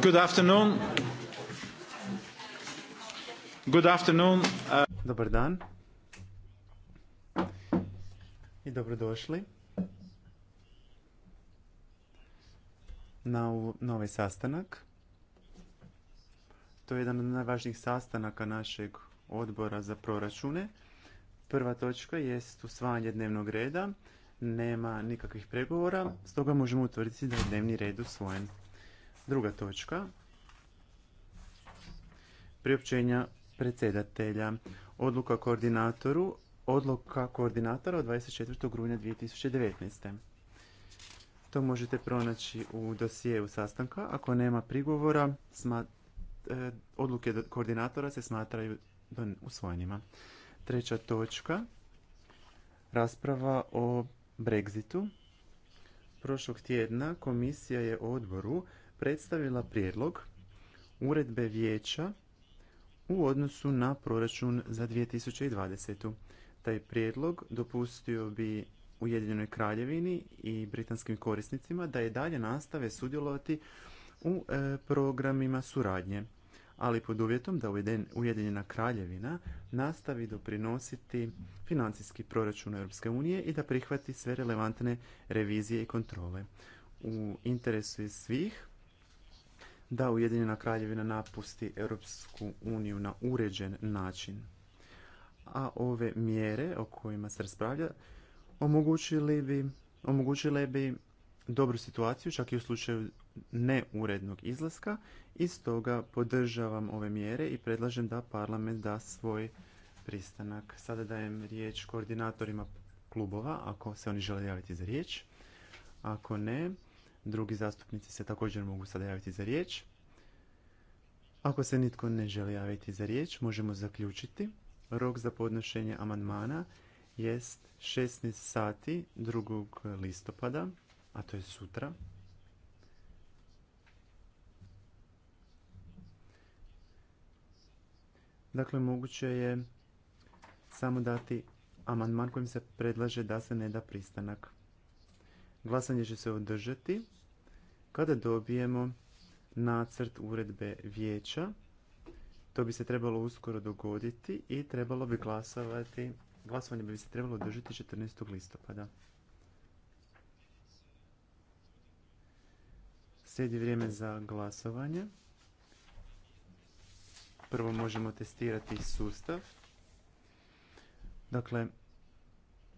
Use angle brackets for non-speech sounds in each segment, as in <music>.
Good afternoon. afternoon. Uh, Dobar dan. I dobrodošli. Na novi sastanak. To je jedan od najvažnijih sastanaka našeg odbora za proračune. Prva točka jest usvajanje dnevnog reda. Nema nikakvih pregovora, stoga možemo utvrditi da je dnevni red usvojen. Druga točka. Priopćenja predsjedatelja. Odluka koordinatoru. Odluka koordinatora od 24. rujna 2019. To možete pronaći u dosijeu sastanka. Ako nema prigovora, e, odluke koordinatora se smatraju usvojenima. Treća točka. Rasprava o Brexitu. Prošlog tjedna komisija je odboru predstavila prijedlog uredbe vijeća u odnosu na proračun za 2020. Taj prijedlog dopustio bi Ujedinjenoj kraljevini i britanskim korisnicima da je dalje nastave sudjelovati u e, programima suradnje, ali pod uvjetom da Ujedinjena kraljevina nastavi doprinositi financijski proračun Europske unije i da prihvati sve relevantne revizije i kontrole. U interesu je svih da Ujedinjena kraljevina napusti Europsku uniju na uređen način. A ove mjere o kojima se raspravlja omogućile bi, omogućile bi dobru situaciju, čak i u slučaju neurednog izlaska i stoga podržavam ove mjere i predlažem da parlament da svoj pristanak. Sada dajem riječ koordinatorima klubova ako se oni žele javiti za riječ. Ako ne, Drugi zastupnici se također mogu sada javiti za riječ. Ako se nitko ne želi javiti za riječ, možemo zaključiti. Rok za podnošenje amandmana jest 16 sati 2. listopada, a to je sutra. Dakle, moguće je samo dati amandman kojim se predlaže da se ne da pristanak. Glasanje će se održati kada dobijemo nacrt uredbe vijeća. To bi se trebalo uskoro dogoditi i trebalo bi glasovati, glasovanje bi se trebalo održati 14. listopada. Slijedi vrijeme za glasovanje. Prvo možemo testirati sustav. Dakle,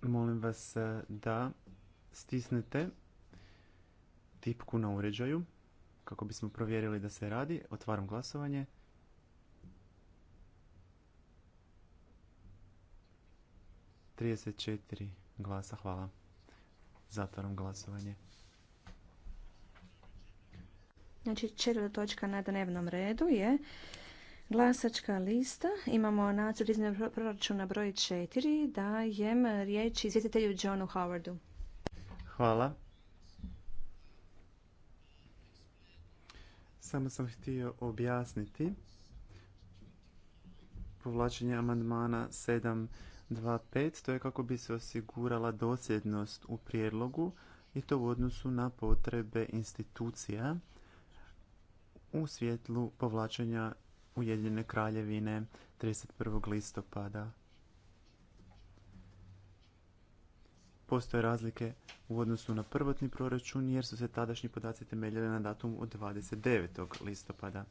molim vas da stisnete tipku na uređaju kako bismo provjerili da se radi. Otvaram glasovanje. Trideset četiri glasa, hvala. Zatvaram glasovanje. Znači četvrta točka na dnevnom redu je glasačka lista. Imamo nacrt izmjena proračuna broj četiri Dajem riječ izvjetitelju Johnu Howardu. Hvala. Samo sam htio objasniti povlačenje amandmana 725. To je kako bi se osigurala dosljednost u prijedlogu i to u odnosu na potrebe institucija u svjetlu povlačenja Ujedinjene kraljevine 31. listopada postoje razlike u odnosu na prvotni proračun jer su se tadašnji podaci temeljili na datum od 29. listopada.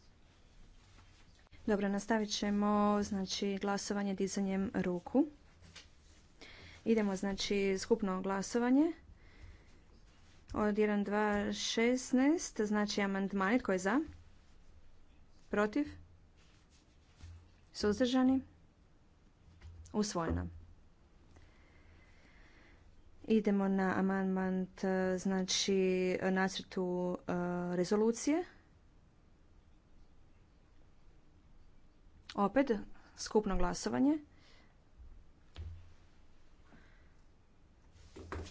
Dobro, nastavit ćemo znači, glasovanje dizanjem ruku. Idemo znači skupno glasovanje. Od 1, 2, 16, znači amandmani. Tko je za? Protiv? Suzdržani? Usvojeno. Idemo na amandman znači nacrtu e, rezolucije. Opet skupno glasovanje.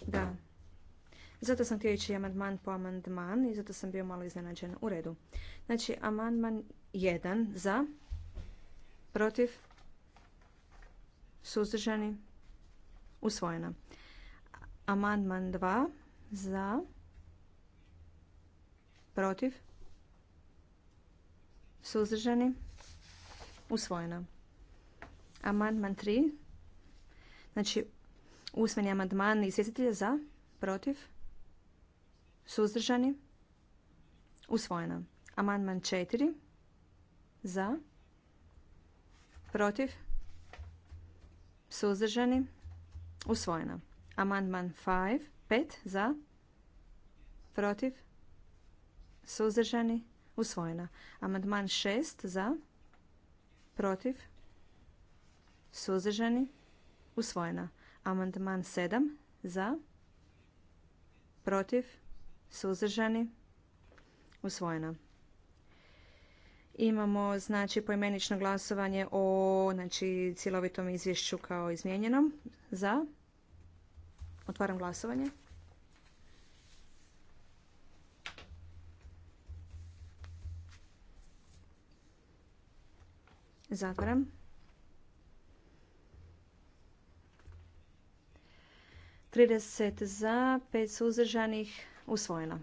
Da. Zato sam htio ići amandman po amandman i zato sam bio malo iznenađen. U redu. Znači, amandman 1 za, protiv, suzdržani, usvojena. Amandman 2 za, protiv, suzdržani, usvojeno. Amandman 3, znači usmeni amandman izvjestitelja za, protiv, suzdržani, usvojena. Amandman 4 za, protiv, suzdržani, usvojeno. Amandman 5. pet za. Protiv. Suzdržani. Usvojena. Amandman 6 za. Protiv. Suzdržani. Usvojena. Amandman 7 za. Protiv. Suzdržani. Usvojena. Imamo znači poimenično glasovanje o znači cjelovitom izvješću kao izmijenjenom. Za. Otvaram glasovanje. Zatvaram. Trideset za, pet suzdržanih, usvojeno.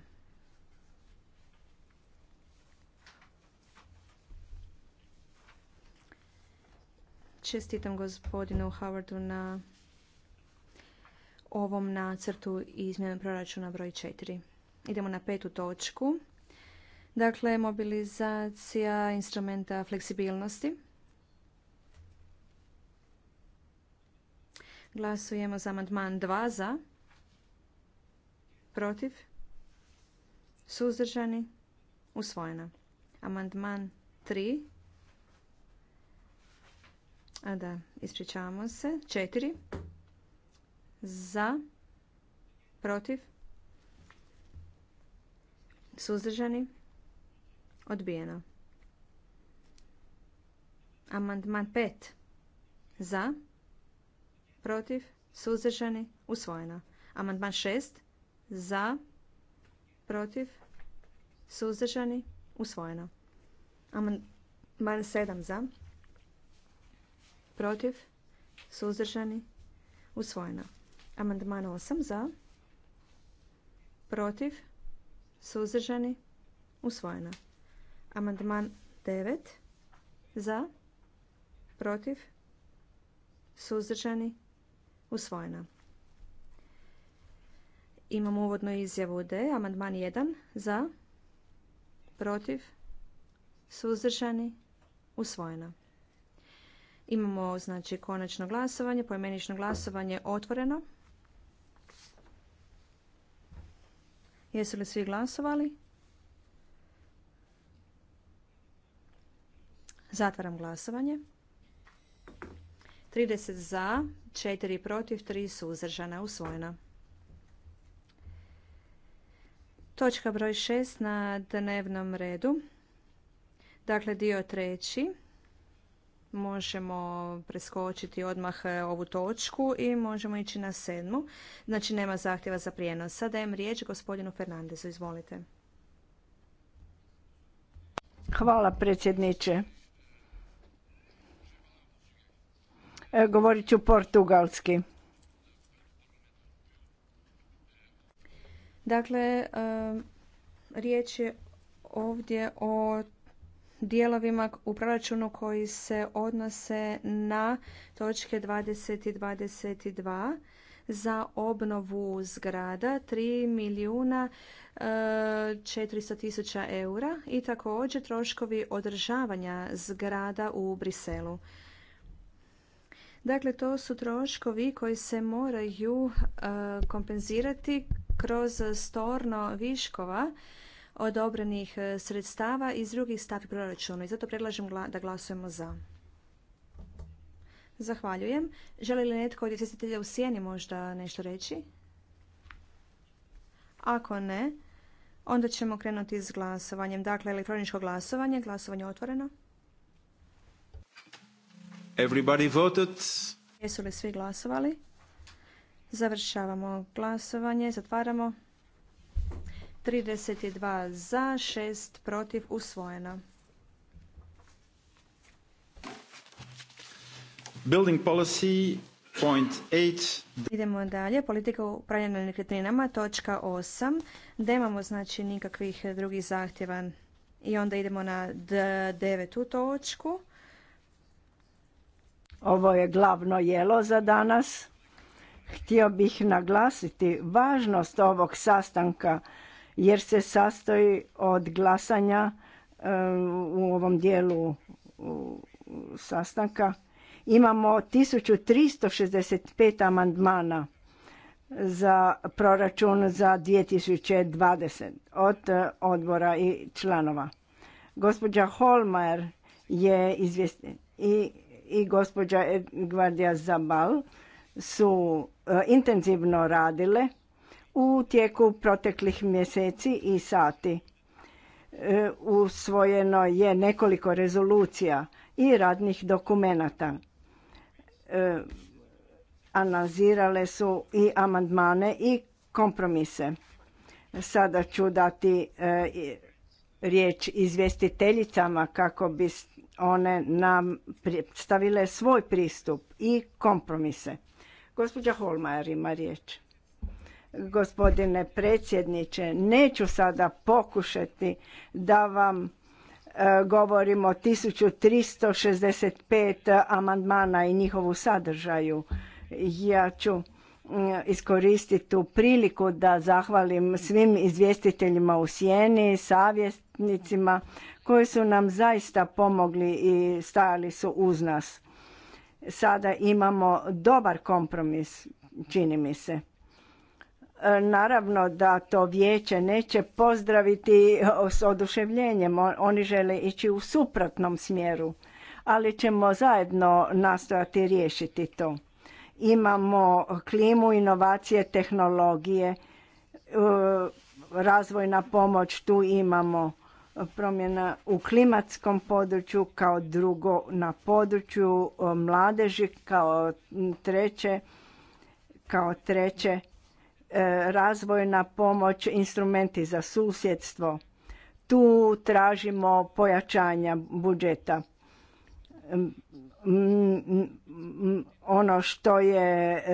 Čestitam gospodinu Howardu na ovom nacrtu izmjena proračuna broj 4. Idemo na petu točku. Dakle, mobilizacija instrumenta fleksibilnosti. Glasujemo za amandman 2 za. Protiv. Suzdržani. Usvojena. Amandman 3. A da, ispričavamo se. Četiri za, protiv, suzdržani, odbijeno. Amandman 5 za, protiv, suzdržani, usvojeno. Amandman 6 za, protiv, suzdržani, usvojeno. Amandman 7 za, protiv, suzdržani, usvojeno. Amandman 8 za. Protiv. Suzdržani. Usvojeno. Amandman 9 za. Protiv. Suzdržani. usvojena. Imamo uvodnu izjavu D. Amandman 1 za. Protiv. Suzdržani. usvojena. Imamo znači konačno glasovanje, poimenično glasovanje otvoreno. Jesu li svi glasovali? Zatvaram glasovanje. 30 za, 4 protiv, 3 su suzdržana, usvojena. Točka broj 6 na dnevnom redu. Dakle, dio treći možemo preskočiti odmah e, ovu točku i možemo ići na sedmu. Znači nema zahtjeva za prijenos. Sada dajem riječ gospodinu Fernandezu. Izvolite. Hvala predsjedniče. E, govorit ću portugalski. Dakle, e, riječ je ovdje o dijelovima u proračunu koji se odnose na točke 20 i 22 za obnovu zgrada 3 milijuna 400 e, tisuća eura i također troškovi održavanja zgrada u Briselu. Dakle, to su troškovi koji se moraju e, kompenzirati kroz storno viškova odobrenih e, sredstava iz drugih stavki proračuna i zato predlažem da glasujemo za. Zahvaljujem. Želi li netko od izvjestitelja u sjeni možda nešto reći? Ako ne, onda ćemo krenuti s glasovanjem. Dakle, elektroničko glasovanje. Glasovanje otvoreno. Everybody Jesu li svi glasovali? Završavamo glasovanje. Zatvaramo. 32 za, 6 protiv, usvojeno. Building policy Idemo dalje, politika upravljanja nekretninama, točka 8. Nemamo znači nikakvih drugih zahtjeva. I onda idemo na devetu točku. Ovo je glavno jelo za danas. Htio bih naglasiti važnost ovog sastanka jer se sastoji od glasanja e, u ovom dijelu sastanka. Imamo 1365 amandmana za proračun za 2020 od e, odbora i članova. Gospođa Holmajer je izvjestna i, i gospođa Gvardija Zabal su e, intenzivno radile u tijeku proteklih mjeseci i sati. E, usvojeno je nekoliko rezolucija i radnih dokumenata. E, analizirale su i amandmane i kompromise. Sada ću dati e, riječ izvjestiteljicama kako bi one nam predstavile svoj pristup i kompromise. Gospođa Holmajer ima riječ gospodine predsjedniče. Neću sada pokušati da vam e, govorim o 1365 amandmana i njihovu sadržaju. Ja ću mm, iskoristiti tu priliku da zahvalim svim izvjestiteljima u sjeni, savjetnicima koji su nam zaista pomogli i stajali su uz nas. Sada imamo dobar kompromis, čini mi se. E, naravno da to vijeće neće pozdraviti s oduševljenjem, oni žele ići u suprotnom smjeru, ali ćemo zajedno nastojati riješiti to. Imamo klimu, inovacije, tehnologije, e, razvojna pomoć, tu imamo promjena u klimatskom području, kao drugo na području e, mladeži, kao treće, kao treće E, razvojna pomoć, instrumenti za susjedstvo. Tu tražimo pojačanja budžeta. Ono što je e,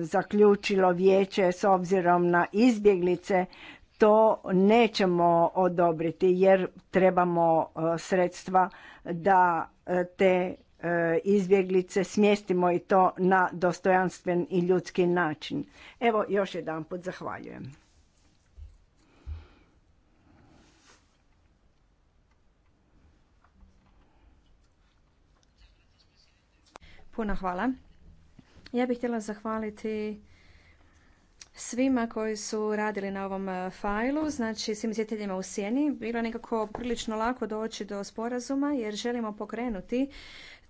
zaključilo vijeće s obzirom na izbjeglice, to nećemo odobriti jer trebamo e, sredstva da te izbjeglice smjestimo i to na dostojanstven i ljudski način. Evo još jedan put zahvaljujem. Puno hvala. Ja bih htjela zahvaliti svima koji su radili na ovom e, fajlu, znači svim zjeteljima u sjeni. Bilo je nekako prilično lako doći do sporazuma jer želimo pokrenuti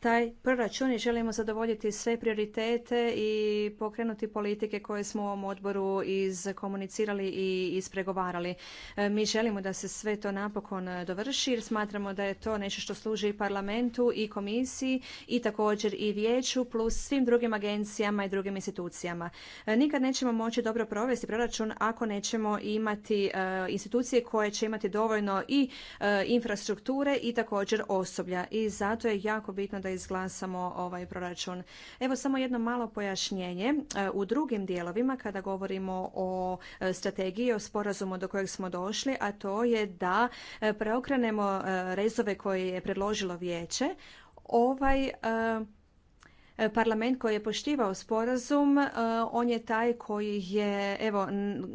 taj proračun i želimo zadovoljiti sve prioritete i pokrenuti politike koje smo u ovom odboru izkomunicirali i ispregovarali. E, mi želimo da se sve to napokon dovrši jer smatramo da je to nešto što služi i parlamentu i komisiji i također i vijeću plus svim drugim agencijama i drugim institucijama. E, nikad nećemo moći dobro provesti proračun ako nećemo imati e, institucije koje će imati dovoljno i infrastrukture i također osoblja. I zato je jako bitno da izglasamo ovaj proračun. Evo samo jedno malo pojašnjenje. E, u drugim dijelovima kada govorimo o e, strategiji, o sporazumu do kojeg smo došli, a to je da e, preokrenemo rezove koje je predložilo vijeće, ovaj E, parlament koji je poštivao sporazum, e, on je taj koji je, evo,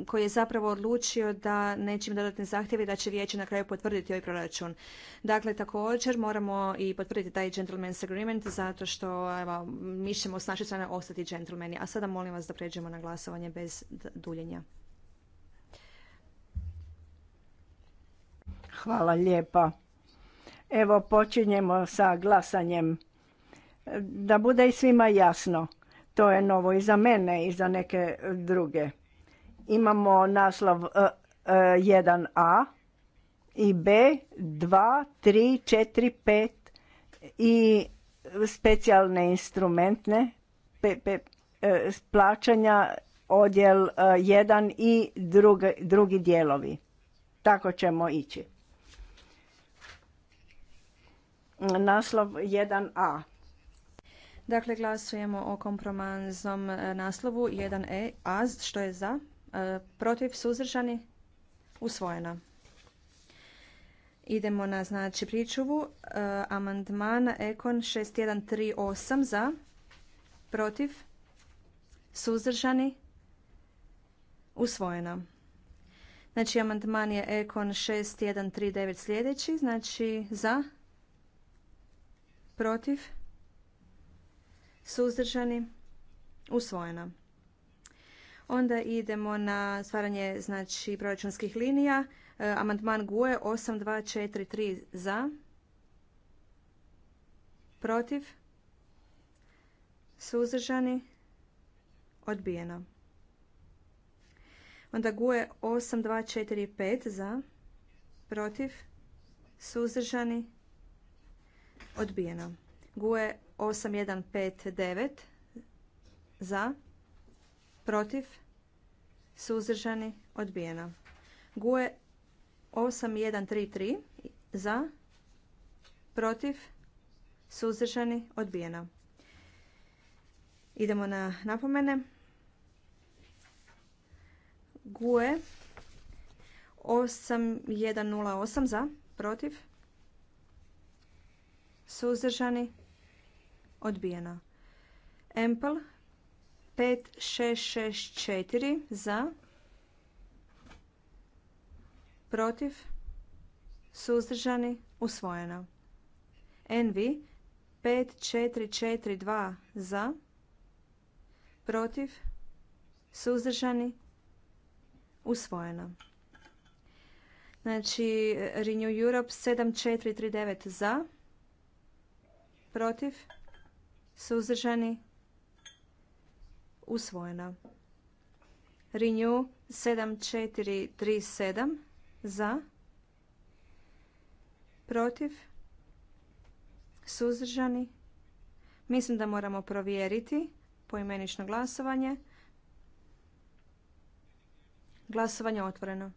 koji je zapravo odlučio da nećim dodatne zahtjeve da će vijeće na kraju potvrditi ovaj proračun. Dakle, također moramo i potvrditi taj gentleman's agreement zato što evo, mi ćemo s naše strane ostati gentlemani. A sada molim vas da pređemo na glasovanje bez duljenja. Hvala lijepa. Evo počinjemo sa glasanjem da bude i svima jasno. To je novo i za mene i za neke druge. Imamo naslov 1a e, e, i b, 2, 3, 4, 5 i specijalne instrumentne e, plaćanja odjel 1 i drugi, drugi dijelovi. Tako ćemo ići. Naslov 1a. Dakle, glasujemo o kompromanznom e, naslovu 1E A, što je za, e, protiv, suzdržani, usvojena. Idemo na znači pričuvu. E, amandman Ekon 6138 za, protiv, suzdržani, usvojena. Znači, amandman je Ekon 6139 sljedeći, znači za, protiv, suzdržani, usvojeno. Onda idemo na stvaranje znači, proračunskih linija. E, amandman GUE 8243 za, protiv, suzdržani, odbijeno. Onda GUE 8245 za, protiv, suzdržani, odbijeno. GUE 8159 za, protiv, suzdržani, odbijeno. GUE 8133 za, protiv, suzdržani, odbijeno. Idemo na napomene. GUE 8108 za, protiv, suzdržani, odbijeno Odbijeno. Empel 5664 za. Protiv. Suzdržani. Usvojeno. NV 5442 za. Protiv. Suzdržani. Usvojeno. Znači, Renew Europe 7439 za. Protiv suzdržani, usvojeno. Renew 7437 za, protiv, suzdržani. Mislim da moramo provjeriti poimenično glasovanje. Glasovanje otvoreno.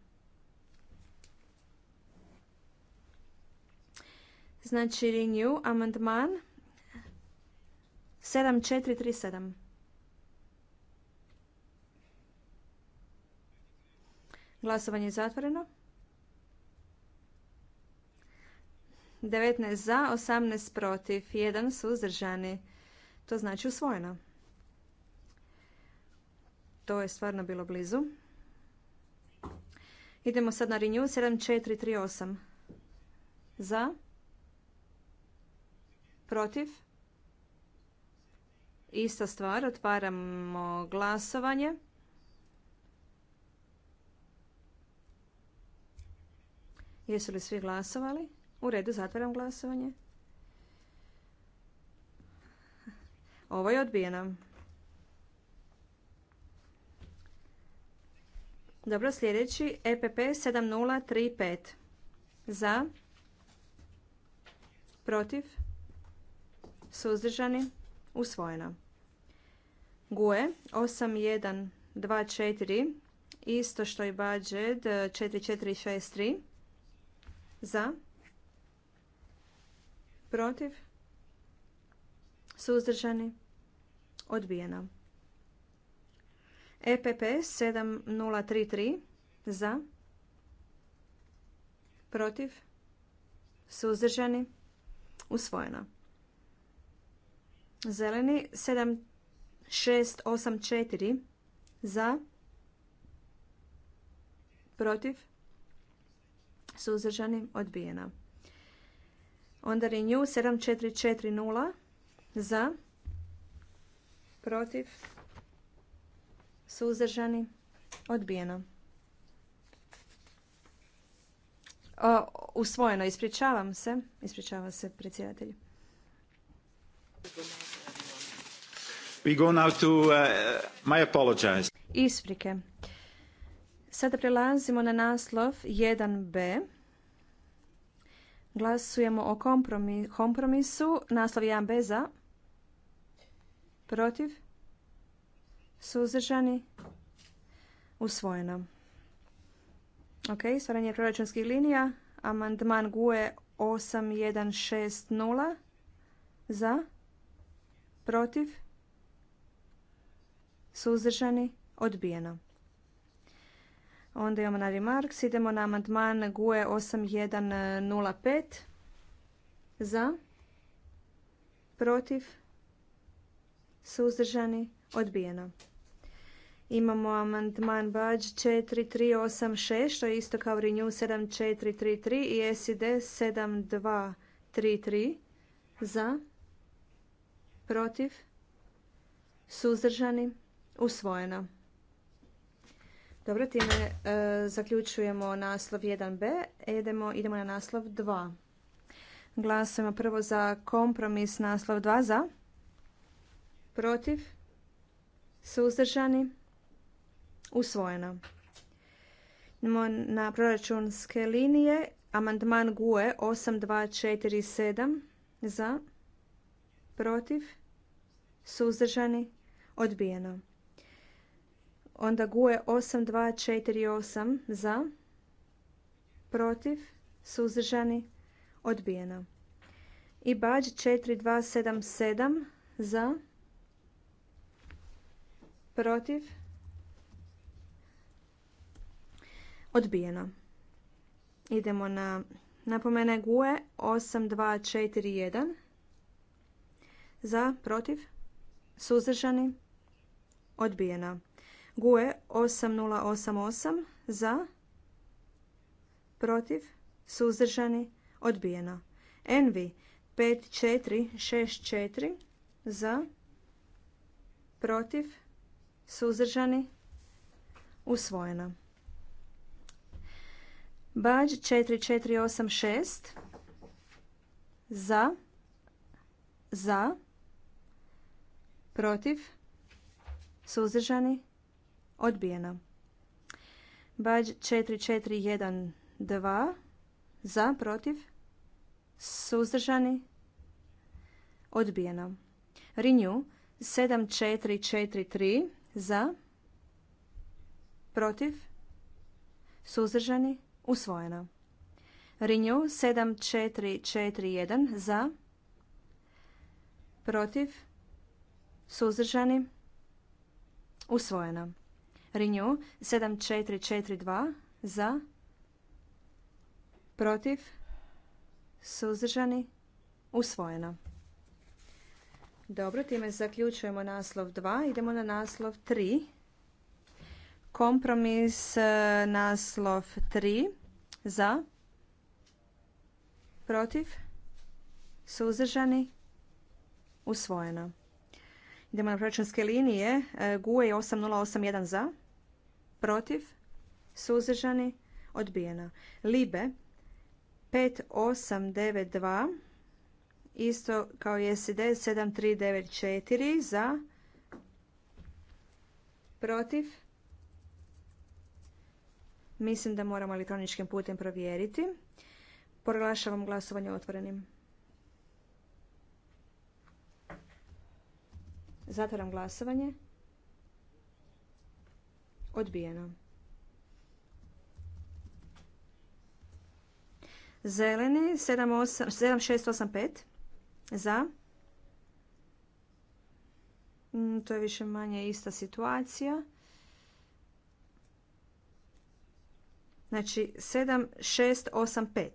Znači Renew amandman 7437. Glasovanje je zatvoreno. 19 za, 18 protiv, 1 su suzdržani. To znači usvojeno. To je stvarno bilo blizu. Idemo sad na Renew 7438. Za. Protiv. Ista stvar, otvaramo glasovanje. Jesu li svi glasovali? U redu, zatvaram glasovanje. Ovo je odbijeno. Dobro, sljedeći EPP 7035. Za. Protiv. Suzdržani. Usvojeno. GUE 8124, isto što i budget 4463. Za. Protiv. Suzdržani. Odbijeno. EPP 7033. Za. Protiv. Suzdržani. usvojena. Zeleni 7 684 za, protiv, suzdržani, odbijeno. Onda renew 7440 za, protiv, suzdržani, odbijeno. usvojeno, ispričavam se, ispričava se predsjedatelj. We go now to, uh, my apologize. Isprike. Sada prelazimo na naslov 1b. Glasujemo o kompromisu. Naslov 1b za. Protiv. Suzdržani. Usvojeno. Ok, stvaranje proračunskih linija. Amandman GUE 8160. Za. Protiv. Suzdržani? Odbijeno. Onda imamo na remarks. Idemo na amandman GUE 8105. Za? Protiv? Suzdržani? Odbijeno. Imamo amandman BAđ 4386, što je isto kao Renew 7433 i SID 7233. Za? Protiv? Suzdržani? usvojeno. Dobro, time e, zaključujemo naslov 1b. Idemo, idemo na naslov 2. Glasujemo prvo za kompromis naslov 2 za. Protiv. Suzdržani. Usvojeno. Idemo na proračunske linije. Amandman GUE 8247 za. Protiv. Suzdržani. Odbijeno. Onda guje 8248 za, protiv, suzdržani, odbijeno. I bađ 4277 za, protiv, odbijeno. Idemo na napomene GUE 8241 za, protiv, suzdržani, odbijeno. GUE 8088 za, protiv, suzdržani, odbijeno. ENVI 5464 za, protiv, suzdržani, usvojeno. Bađ 4486 za, za, protiv, suzdržani, Odbijeno. Bađ 4412 za, protiv, suzdržani, odbijeno. Renew 7443 za, protiv, suzdržani, usvojeno. Renew 7441 za, protiv, suzdržani, Usvojena. Renew 7442 za protiv suzdržani usvojeno. Dobro, time zaključujemo naslov 2. Idemo na naslov 3. Kompromis e, naslov 3 za protiv suzdržani usvojeno. Idemo na proračunske linije. GUE je 8081 za, protiv, suzdržani, odbijeno. Libe 5892 isto kao i SID 7394 za, protiv, mislim da moramo elektroničkim putem provjeriti. Proglašavam glasovanje otvorenim. Zatvaram glasovanje. Odbijeno. Zeleni 7685 za. Mm, to je više manje ista situacija. Znači 7685.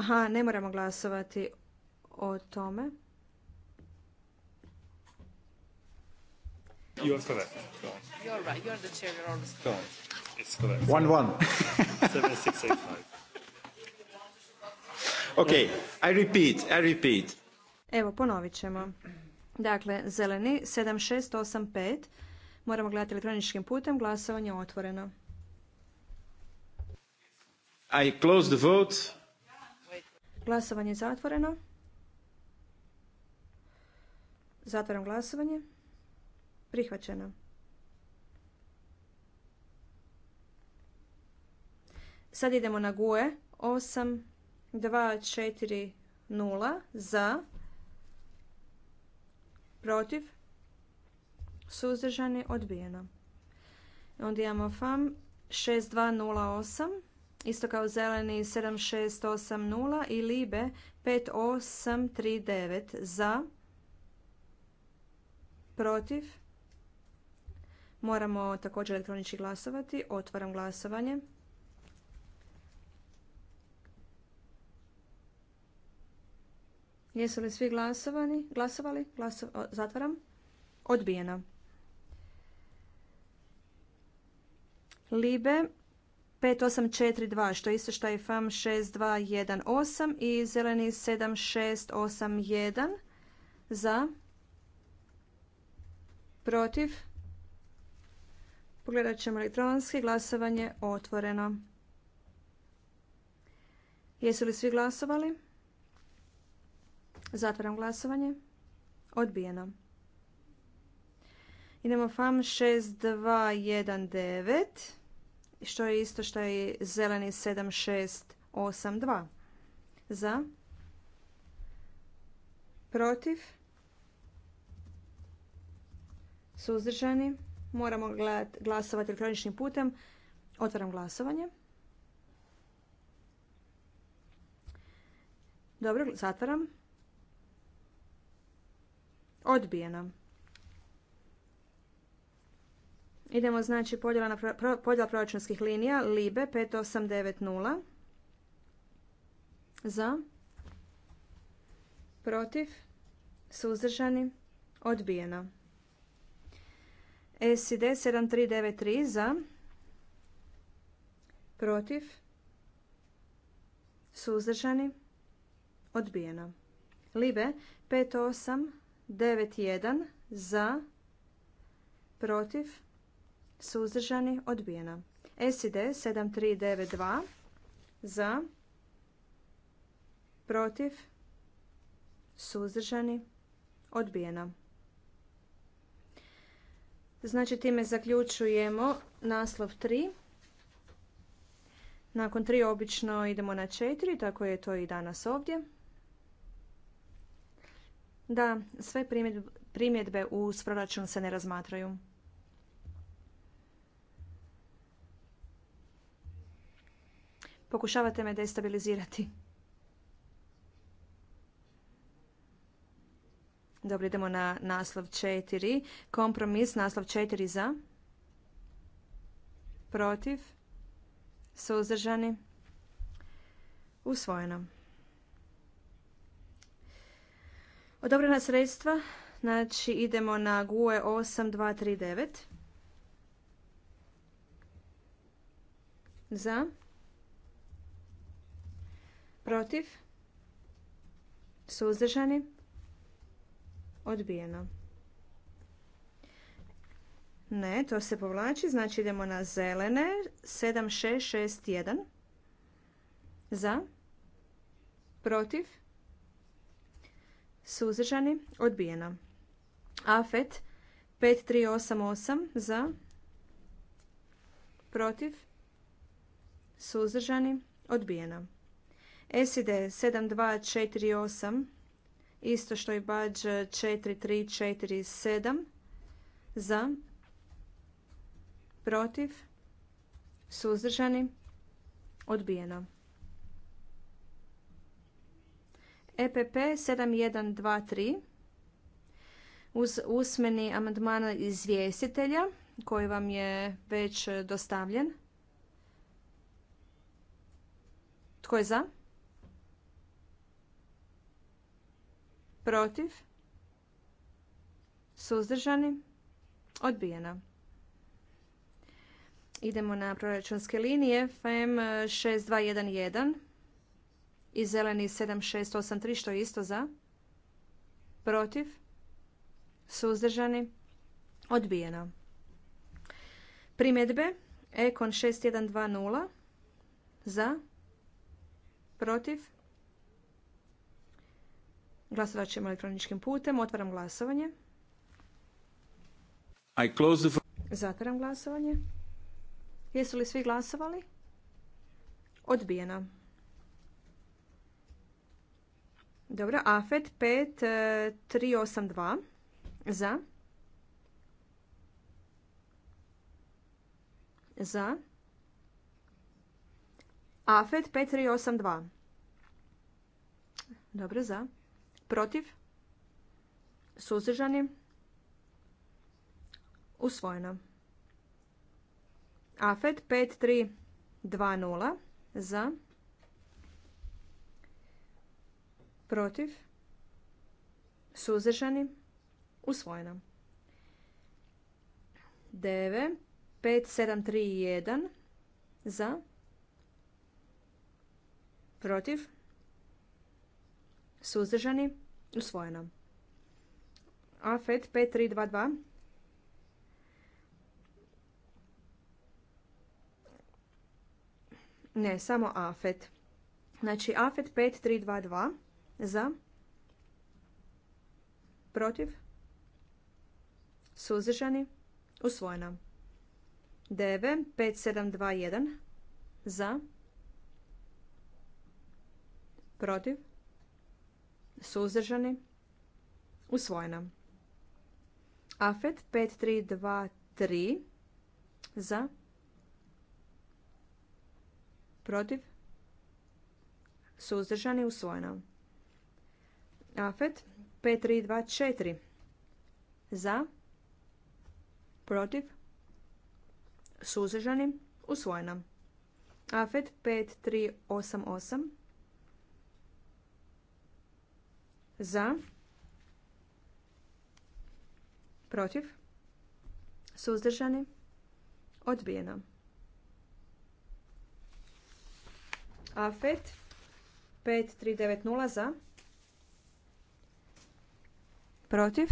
Aha, ne moramo glasovati o tome. You are correct. You're right. You're the chair. You're always Go It's correct. One one. <laughs> Seven six eight five. Okay. I repeat. I repeat. Evo, ponovit ćemo. Dakle, zeleni 7685. Moramo gledati elektroničkim putem. Glasovanje je otvoreno. I close the vote. Glasovanje zatvoreno. Zatvaram glasovanje. Prihvaćeno. Sad idemo na GUE. 8, Za. Protiv. Suzdržani. Odbijeno. Onda imamo FAM 6208 isto kao zeleni 7680 i libe 5839 za protiv moramo također elektronički glasovati otvaram glasovanje Jesu li svi glasovani? Glasovali? Zatvaram. Odbijeno. Libe 5842, što je isto što je FAM 6218 i zeleni 7681 za, protiv. Pogledat ćemo elektronski, glasovanje otvoreno. Jesu li svi glasovali? Zatvaram glasovanje. Odbijeno. Idemo FAM 6219 što je isto što je zeleni 7682. Za. Protiv. Suzdržani. Moramo glasovati elektroničnim putem. Otvaram glasovanje. Dobro, zatvaram. Odbijeno. Idemo znači podjela, na, proračunskih linija. Libe 5890. Za. Protiv. Suzdržani. Odbijeno. SID 7393. Za. Protiv. Suzdržani. Odbijeno. Libe 5891. Za. Protiv suzdržani, odbijena. SID 7392 za, protiv, suzdržani, odbijena. Znači time zaključujemo naslov 3. Nakon 3 obično idemo na 4, tako je to i danas ovdje. Da, sve primjedbe uz proračun se ne razmatraju. Pokušavate me destabilizirati. Dobro, idemo na naslov 4. Kompromis, naslov 4 za. Protiv. Suzdržani. Usvojeno. Odobrena sredstva. Znači idemo na GUE 8239. Za. Protiv? Suzdržani? Odbijeno. Ne, to se povlači. Znači idemo na zelene. 7661. Za? Protiv? Suzdržani? Odbijeno. AFET 5388. Za? Protiv? Suzdržani? Odbijeno. SID 7248, isto što i bađ 4347, za, protiv, suzdržani, odbijeno. EPP 7123 uz usmeni amandman izvjestitelja koji vam je već dostavljen. Tko je za? protiv, suzdržani, odbijeno. Idemo na proračunske linije. FM 6211 i zeleni 7683 što je isto za, protiv, suzdržani, odbijeno. Primjedbe Ekon 6120 za, protiv, Glasovat ćemo elektroničkim putem. Otvaram glasovanje. Zatvaram glasovanje. Jesu li svi glasovali? Odbijena. Dobro, AFET 5382 e, za. Za. AFET 5382. Dobro, za protiv, suzdržani, usvojeno. AFED 5320 za, protiv, suzdržani, usvojeno. DV 5731 za, protiv, Suzdržani? Usvojeno. AFET 5322. Ne, samo AFET. Znači AFET 5322 za protiv suzdržani usvojena. DV 5721 za protiv Suzdržani? Usvojena. Afet 5323 za protiv suzdržani usvojena. Afet 5324 za protiv suzdržani usvojena. Afet 5388 za, protiv, suzdržani, odbijeno. AFET 5390 za, protiv,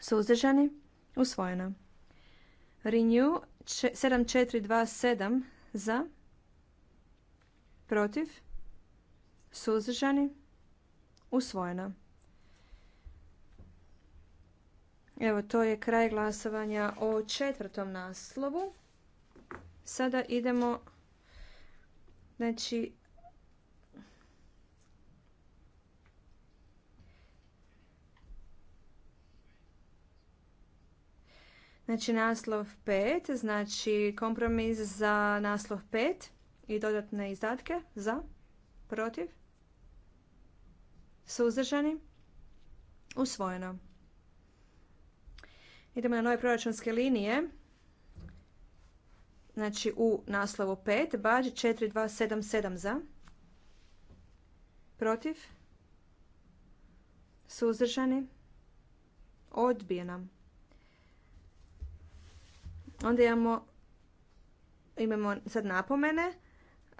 suzdržani, usvojeno. Renew 7427 za, protiv, suzdržani, usvojena Evo, to je kraj glasovanja o četvrtom naslovu. Sada idemo, znači, Znači naslov 5, znači kompromis za naslov 5 i dodatne izdatke za, protiv, Suzdržani? Usvojeno. Idemo na nove proračunske linije. Znači u naslovu 5, bađ 4277 za. Protiv? Suzdržani? Odbijeno. Onda imamo, imamo sad napomene. Uh,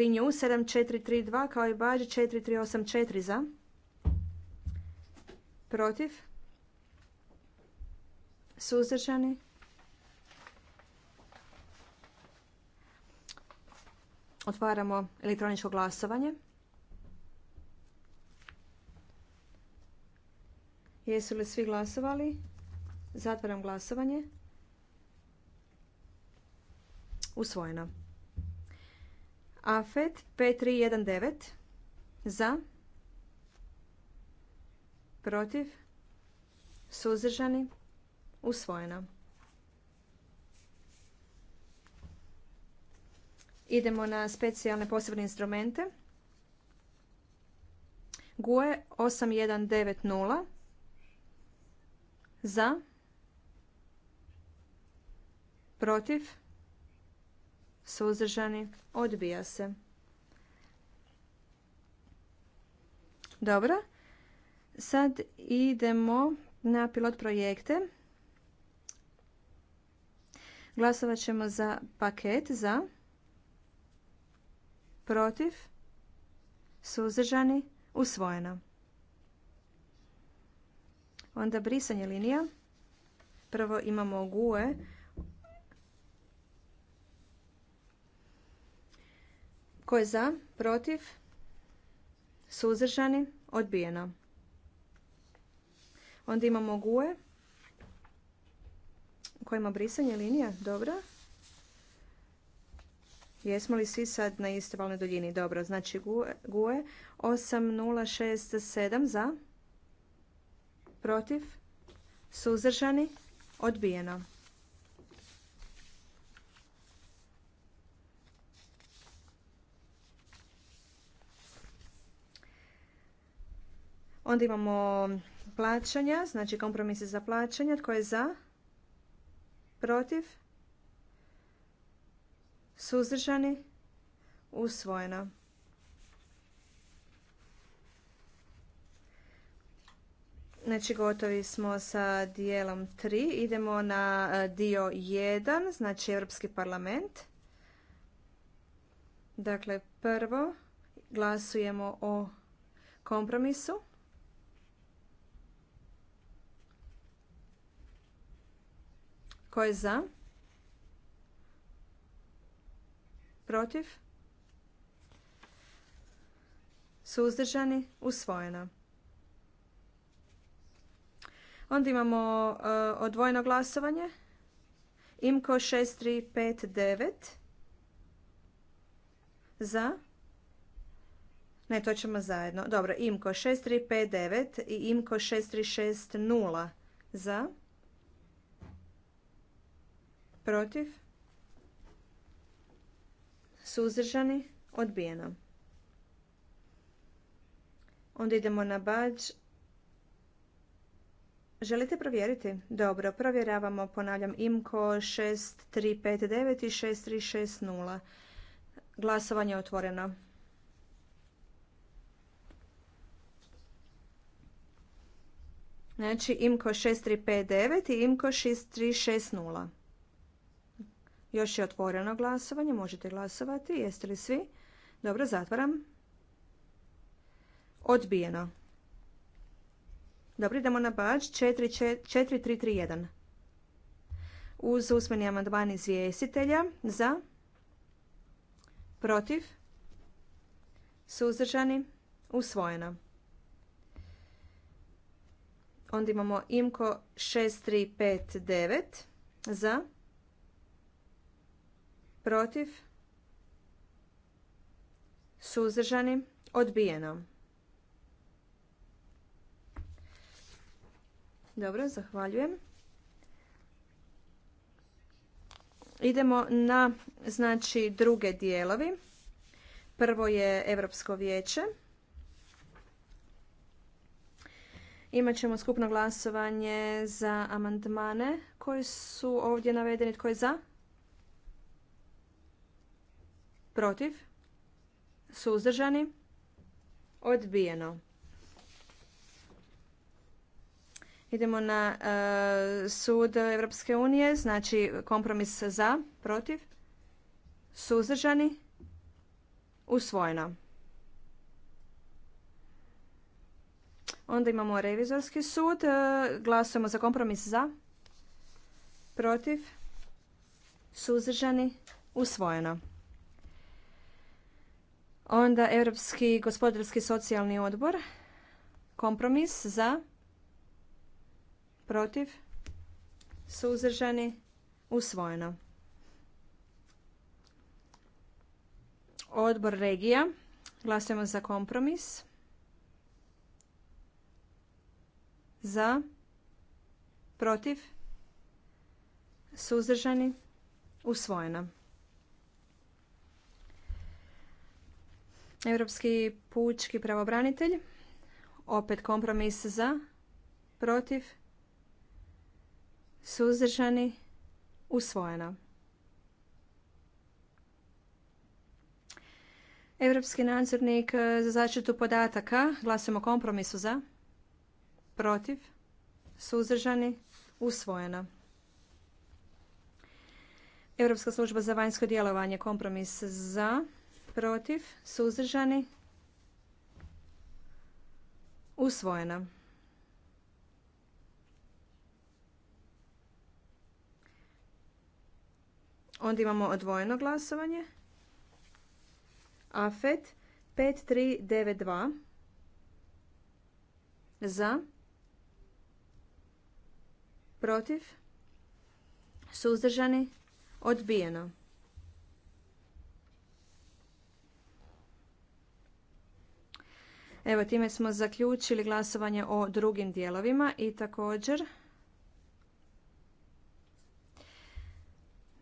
Renew 7432 kao i Bađi 4384 za. Protiv? Suzdržani? Otvaramo elektroničko glasovanje. Jesu li svi glasovali? Zatvaram glasovanje. Usvojeno. AFET 5319 za protiv, suzdržani, usvojeno. Idemo na specijalne posebne instrumente. GUE 8190 za, protiv, suzdržani, odbija se. Dobro. Sad idemo na pilot projekte. Glasovat ćemo za paket za, protiv, suzdržani, usvojeno. Onda brisanje linija. Prvo imamo GUE. Ko je za, protiv, suzdržani, odbijeno. Onda imamo GUE koje brisanje linija. Dobro. Jesmo li svi sad na istoj valnoj duljini? Dobro, znači GUE, GUE 8067 za, protiv, suzdržani, odbijeno. Onda imamo plaćanja, znači kompromisi za plaćanja. Tko je za? Protiv? Suzdržani? Usvojeno. Znači gotovi smo sa dijelom 3. Idemo na e, dio 1, znači Europski parlament. Dakle, prvo glasujemo o kompromisu. Tko je za? Protiv? Suzdržani? Usvojeno. Onda imamo uh, odvojeno glasovanje. Imko 6359. Za? Ne, to ćemo zajedno. Dobro, Imko 6359 i Imko 6360. Za? protiv, suzdržani, odbijeno. Onda idemo na badge. Želite provjeriti? Dobro, provjeravamo, ponavljam, imko 6359 i 6360. Glasovanje je otvoreno. Znači imko 6359 i imko 6360. Još je otvoreno glasovanje, možete glasovati. Jeste li svi? Dobro, zatvaram. Odbijeno. Dobro, idemo na bač 4331. Uz usmeni amandman izvjestitelja za, protiv, suzdržani, usvojeno. Onda imamo IMKO 6359 za, protiv, suzdržani, odbijeno. Dobro, zahvaljujem. Idemo na znači druge dijelovi. Prvo je Europsko vijeće. Imat ćemo skupno glasovanje za amandmane koji su ovdje navedeni. Tko je za? protiv, suzdržani, odbijeno. Idemo na e, sud Europske unije, znači kompromis za, protiv, suzdržani, usvojeno. Onda imamo revizorski sud, e, glasujemo za kompromis za, protiv, suzdržani, usvojeno. Onda Europski gospodarski socijalni odbor. Kompromis za, protiv, suzdržani, usvojeno. Odbor regija. Glasujemo za kompromis. Za, protiv, suzdržani, usvojeno. Europski pučki pravobranitelj. Opet kompromis za, protiv, suzdržani, usvojeno. Europski nadzornik za zaštitu podataka. Glasujemo kompromisu za, protiv, suzdržani, usvojeno. Europska služba za vanjsko djelovanje. Kompromis za, protiv, suzdržani, usvojena. Onda imamo odvojeno glasovanje. AFET 5392 za, protiv, suzdržani, odbijeno. Evo, time smo zaključili glasovanje o drugim dijelovima i također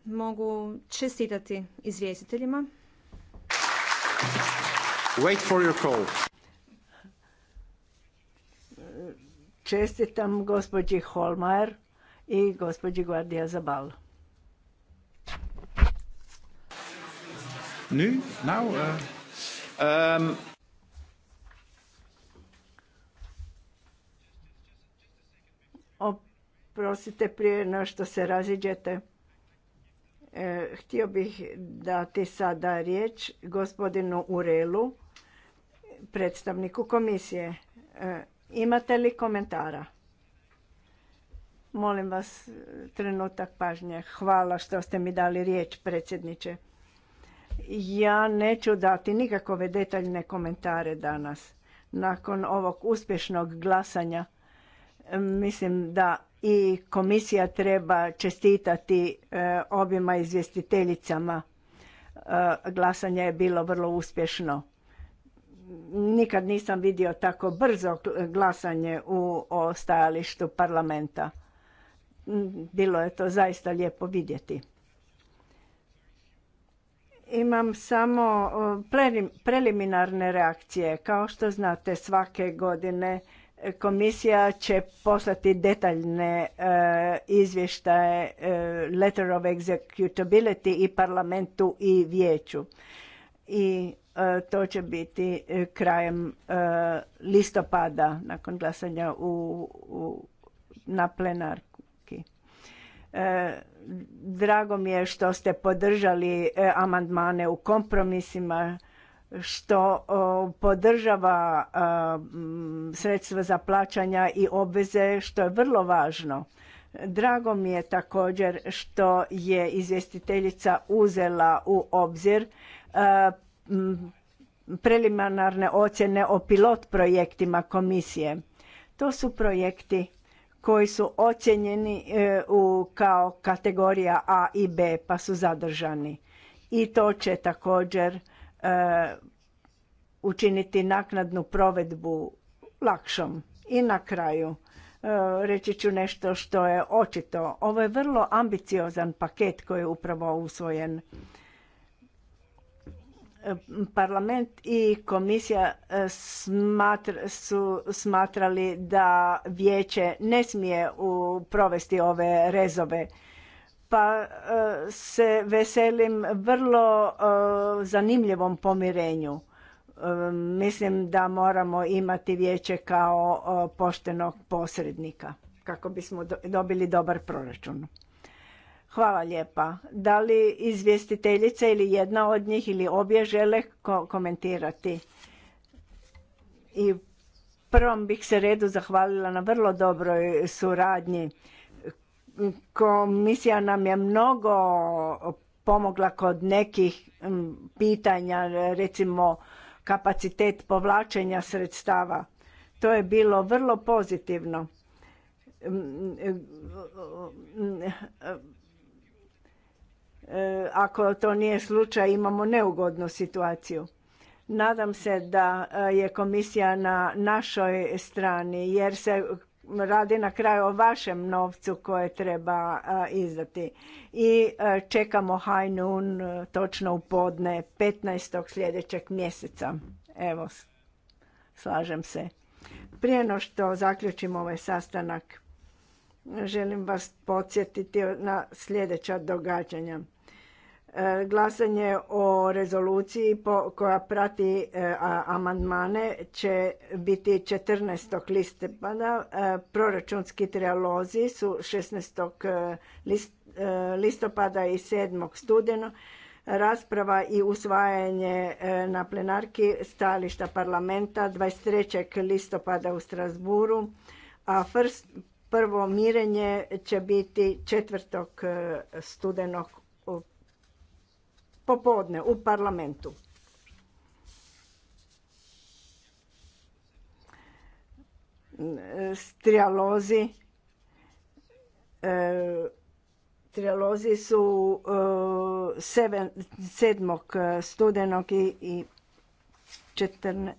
mogu čestitati izvjestiteljima. Wait for your call. Čestitam gospođi Holmajer i gospođi Guardia Zabal. Nu, uh, um, Oprostite prije na što se raziđete. E, htio bih dati sada riječ gospodinu Urelu, predstavniku komisije. E, imate li komentara? Molim vas trenutak pažnje. Hvala što ste mi dali riječ, predsjedniče. Ja neću dati nikakove detaljne komentare danas. Nakon ovog uspješnog glasanja Mislim da i komisija treba čestitati e, objema izvjestiteljicama. E, glasanje je bilo vrlo uspješno. Nikad nisam vidio tako brzo glasanje u o stajalištu parlamenta. Bilo je to zaista lijepo vidjeti. Imam samo e, preliminarne reakcije. Kao što znate, svake godine Komisija će poslati detaljne e, izvještaje e, letter of executability i parlamentu i vijeću. I e, to će biti krajem listopada nakon glasanja u, na plenarki. Drago mi je što ste podržali amandmane u kompromisima što podržava sredstva za plaćanja i obveze, što je vrlo važno. Drago mi je također što je izvjestiteljica uzela u obzir preliminarne ocjene o pilot projektima komisije. To su projekti koji su ocjenjeni e, u, kao kategorija A i B pa su zadržani. I to će također E, učiniti naknadnu provedbu lakšom. I na kraju e, reći ću nešto što je očito. Ovo je vrlo ambiciozan paket koji je upravo usvojen. E, parlament i komisija su smatrali da vijeće ne smije provesti ove rezove pa e, se veselim vrlo e, zanimljivom pomirenju. E, mislim da moramo imati vijeće kao poštenog posrednika kako bismo dobili dobar proračun. Hvala lijepa. Da li izvjestiteljica ili jedna od njih ili obje žele komentirati? I prvom bih se redu zahvalila na vrlo dobroj suradnji Komisija nam je mnogo pomogla kod nekih pitanja, recimo kapacitet povlačenja sredstava. To je bilo vrlo pozitivno. E, ako to nije slučaj, imamo neugodnu situaciju. Nadam se da e, je komisija na našoj strani jer se radi na kraju o vašem novcu koje treba izdati. I čekamo High Noon točno u podne 15. sljedećeg mjeseca. Evo, slažem se. Prije no što zaključim ovaj sastanak, želim vas podsjetiti na sljedeća događanja. E, glasanje o rezoluciji koja prati e, amandmane će biti 14. listopada. E, proračunski trialozi su 16. listopada i 7. studeno. Rasprava i usvajanje na plenarki stajališta parlamenta 23. listopada u Strasburu, a prvo mirenje će biti 4. studenog popodne u parlamentu. E, trialozi e, Trialozi su 7. E, studenog i 14.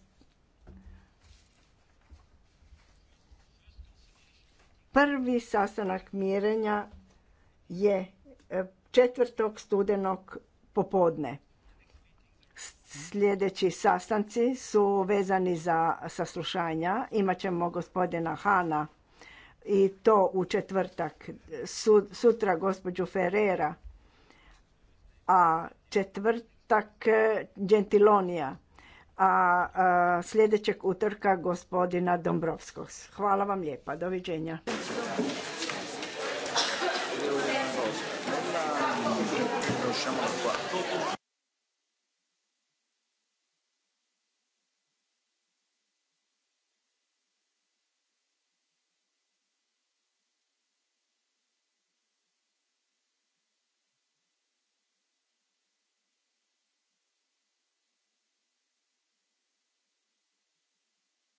Prvi sastanak mirenja je 4. studenog popodne. Sljedeći sastanci su vezani za saslušanja. Imaćemo gospodina Hana i to u četvrtak. Sutra gospođu Ferrera, a četvrtak e, Gentilonija, a sljedećeg utrka gospodina Dombrovskog. Hvala vam lijepa. Doviđenja.